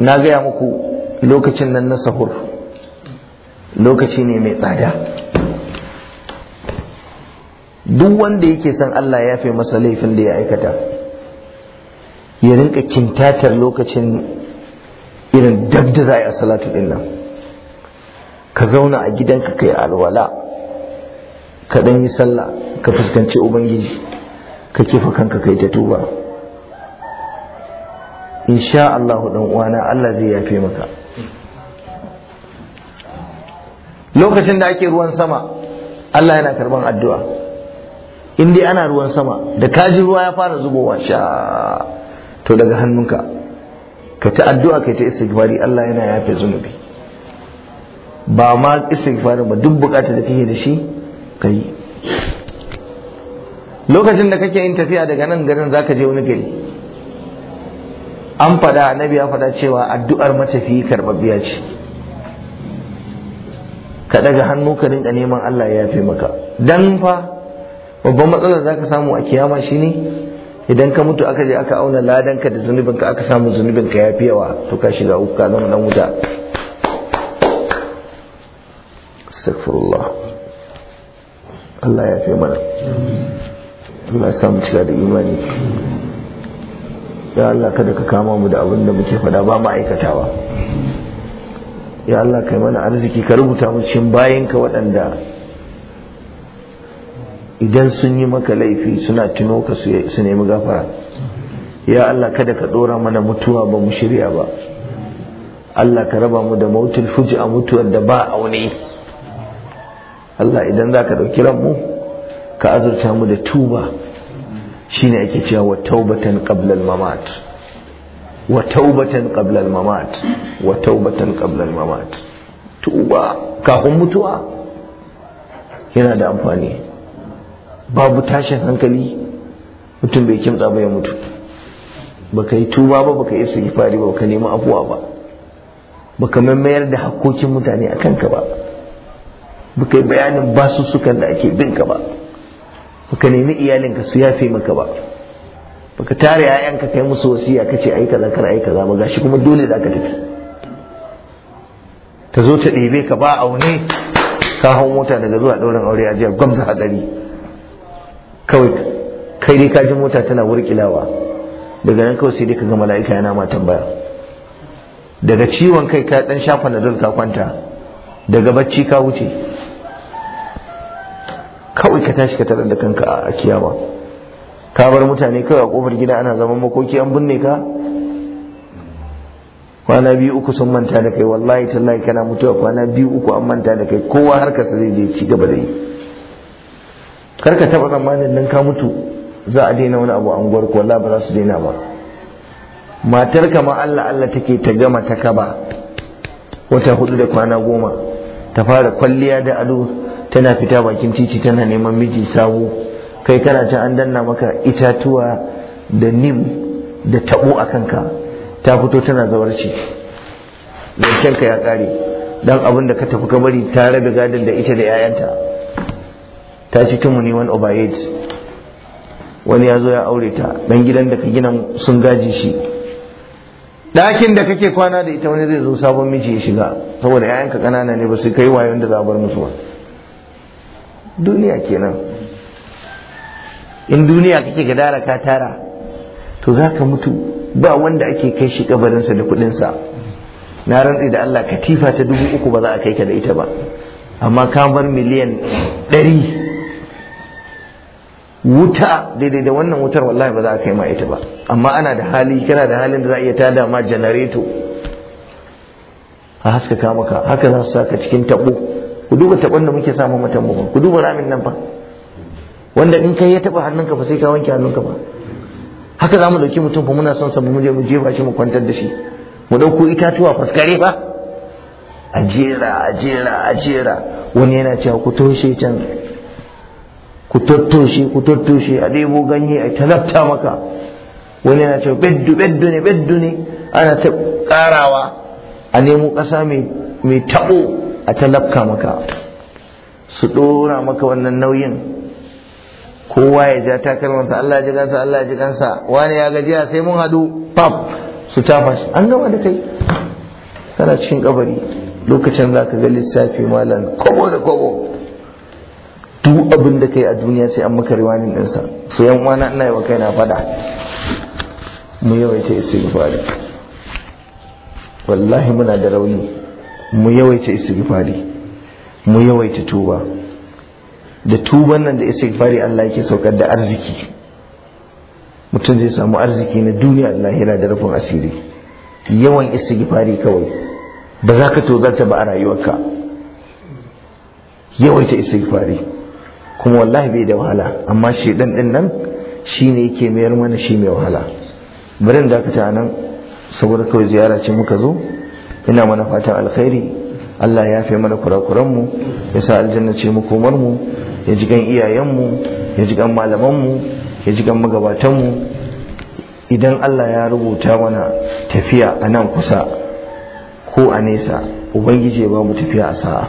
na gaya muku lokacin nan na sahur lokaci ne mai tsada duk wanda yake son Allah ya fi masa laifin da ya aikata ya rinka kintatar lokacin irin dab da za a yi a salatu ɗin nan ka zauna a gidanka kai alwala ka dan yi sallah ka fuskanci ubangiji ka kifa kanka kai ta tuba insha Allah dan uwana Allah zai yafe maka lokacin da ake ruwan sama Allah yana karban addu'a in dai ana ruwan sama da kaji ruwa ya fara zubowa sha to daga hannunka ka ta addu'a kai ta istighfari Allah yana yafe zunubi ba ma istighfar ba duk bukatar da kake da shi kai lokacin da kake yin tafiya daga nan garin zaka je wani gari an fada annabi ya fada cewa addu'ar matafiyi karbabbiya ce ka daga hannu ka rinka neman Allah ya yafe maka dan fa babban matsalar zaka samu a kiyama shine idan ka mutu aka je aka auna ladanka da zunubinka aka samu zunubinka ya fi yawa to ka shiga uku ka zama dan wuta astagfirullah Allah ya fi mana Allah samu cika da imani ya Allah kada ka kama mu da abin muke fada ba ma'aikatawa ya Allah kai mana arziki ka rubuta mu cikin bayanka waɗanda idan sun yi maka laifi suna tuno ka su nemi gafara ya Allah kada ka ɗora mana mutuwa ba mu shirya ba Allah ka raba mu da mautul fuji a mutuwar da ba aune Allah idan za ka ɗauki ranmu ka azurta mu da tuba shi ne ake cewa wa taubatan qabla mamat wa taubatan qabla mamat wa taubatan qabla mamat tuba kafin mutuwa yana da amfani babu tashin hankali mutum bai kimtsa ba ya mutu baka yi tuba ba baka yi fari ba baka nemi abuwa ba baka mayar da hakokin mutane akan ka ba baka yi bayanin basussukan da ake bin ka ba baka nemi iyalinka su yafe maka ba baka tare yayanka kai musu wasiya kace ai kaza kar ai kaza gashi kuma dole za ka tafi ta zo ta ɗebe ka ba aune ka hau mota daga zuwa ɗaurin aure a jiya gwamza hadari kawai kai dai ka ji mota tana wurkilawa daga nan kawai sai dai ka ga mala'ika yana ma tambaya daga ciwon kai ka ɗan shafa na ka kwanta daga bacci ka wuce kawai ka tashi ka tarar da kanka a kiyama ka bar mutane kawai a kofar gida ana zaman makoki an binne ka kwana biyu uku sun manta da kai wallahi tallahi kana mutuwa kwana biyu uku an manta da kai kowa harkarsa zai je ci gaba da yi kar ka taba tsammanin nan ka mutu za a daina wani abu a unguwar ko wallahi ba za su daina ba matar kama Allah Allah take ta gama ta kaba wata hudu da kwana goma ta fara kwalliya da ado tana fita bakin titi tana neman miji sabo kai kana ta an danna maka itatuwa da nim da tabo a kanka ta fito tana zawarci ka ya kare dan abin da ka tafi ka bari ta rabe gadin da ita da 'ya'yanta ta ci tumu ne wani over wani ya zo ya aure ta dan gidan da ka gina sun gaji shi ɗakin da kake kwana da ita wani zai zo sabon miji ya shiga saboda 'ya'yanka ƙanana ne ba su kai wayon da za musu ba duniya kenan in duniya kake gadara ka tara to za ka mutu ba wanda ake kai shi kabarinsa da kudinsa na rantsi da Allah katifa ta dubu uku ba za a kai ka da ita ba amma ka miliyan ɗari wuta daidai da wannan wutar wallahi ba za a kai ma ita ba amma ana da hali kana da halin da za a iya tada ma janareto a haskaka maka haka za su saka cikin taɓo. ku duba taɓon da muke samun mutan mu ku duba ramin nan fa wanda in kai ya taɓa hannunka fa sai ka wanke hannunka fa haka za mu ɗauki mutum fa muna son sa mu je mu jefa shi mu kwantar da shi mu ɗauko itatuwa faskare fa a jera a jera a jera wani yana cewa ku toshe can ku tattoshe ku tattoshe a ɗebo ganye a talabta maka wani yana cewa beddu beddu ne beddu ne ana ta ƙarawa a nemo ƙasa mai taɓo a talafka maka su ɗora maka wannan nauyin kowa ya ja takalmansa Allah ji gansa Allah ji gansa wani ya gajiya sai mun hadu pap su tafa shi an gama da kai kana cikin kabari lokacin za ka ga lissafi malam kobo da kobo duk abin da kai a duniya sai an maka riwanin ɗinsa su yan uwana ina yi wa kai na fada mu yawaita istighfari wallahi muna da rauni mu yawaita istighfari mu yawaita tuba da tuban nan da istighfari Allah yake saukar da arziki mutum zai samu arziki na duniya da lahira da rufin asiri yawan istighfari kawai ba za ka tozarta ba a rayuwarka yawaita istighfari kuma wallahi bai da wahala amma dan din nan shine yake mayar mana shi mai wahala bari dakata ka nan saboda kawai ziyara ce muka zo ina mana fatan alkhairi Allah ya fi mana mu ya sa aljanna ce mu ya ji gan iyayenmu ya ji gan malamanmu ya ji gan magabatanmu idan Allah ya rubuta mana tafiya a nan kusa ko a nesa ubangiji ya ba mu tafiya a sa'a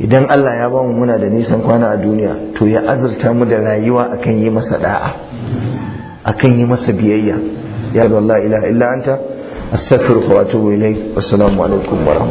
idan Allah ya ba mu muna da nisan kwana a duniya to ya azurta mu da rayuwa akan yi masa da'a akan yi masa biyayya ya Allah ila illa anta astaghfiruka wa atubu ilayk assalamu alaikum wa